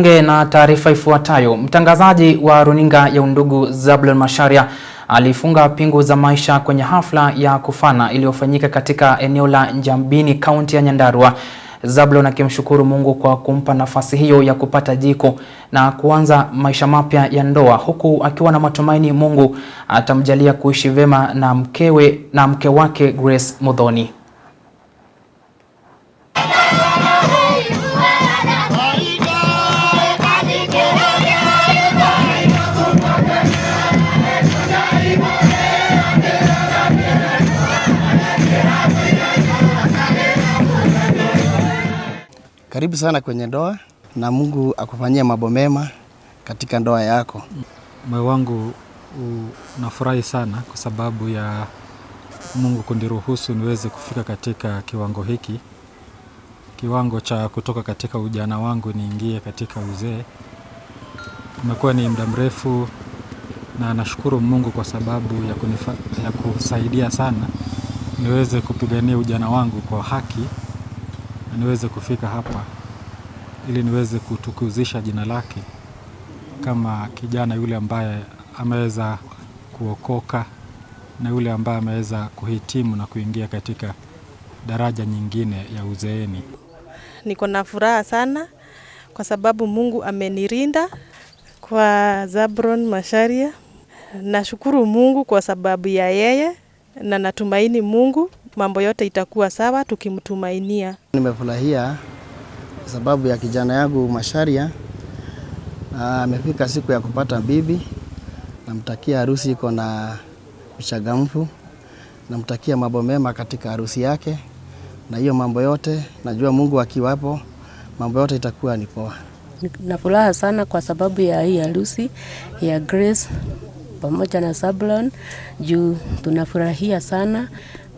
Bunge na taarifa ifuatayo. Mtangazaji wa runinga ya Undugu Zablon Macharia alifunga pingu za maisha kwenye hafla ya kufana iliyofanyika katika eneo la Njambini, kaunti ya Nyandarua. Zablon akimshukuru Mungu kwa kumpa nafasi hiyo ya kupata jiko na kuanza maisha mapya ya ndoa, huku akiwa na matumaini Mungu atamjalia kuishi vema na mkewe na mke wake Grace Muthoni. Karibu sana kwenye ndoa na Mungu akufanyie mambo mema katika ndoa yako. Moyo wangu unafurahi sana kwa sababu ya Mungu kuniruhusu niweze kufika katika kiwango hiki, kiwango cha kutoka katika ujana wangu niingie katika uzee. Imekuwa ni muda mrefu, na nashukuru Mungu kwa sababu ya, kunifa, ya kusaidia sana niweze kupigania ujana wangu kwa haki niweze kufika hapa ili niweze kutukuzisha jina lake kama kijana yule ambaye ameweza kuokoka na yule ambaye ameweza kuhitimu na kuingia katika daraja nyingine ya uzeeni. Niko na furaha sana kwa sababu Mungu amenirinda kwa Zabron masharia Nashukuru Mungu kwa sababu ya yeye na natumaini Mungu mambo yote itakuwa sawa tukimtumainia. Nimefurahia sababu ya kijana yangu masharia amefika siku ya kupata bibi. Namtakia harusi iko na mchangamfu, namtakia mambo mema katika harusi yake, na hiyo mambo yote najua Mungu akiwapo mambo yote itakuwa ni poa. Na furaha sana kwa sababu ya hii harusi ya Grace pamoja na Sablon juu tunafurahia sana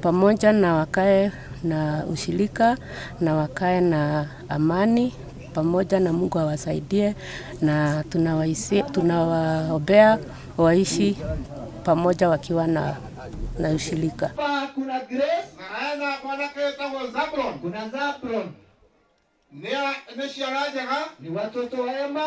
pamoja na wakae na ushirika na wakae na amani pamoja na Mungu awasaidie na tunawaombea waishi pamoja wakiwa na, na ushirika. Kuna Grace maana bwana Zabron, kuna Zabron. Ni watoto Emma.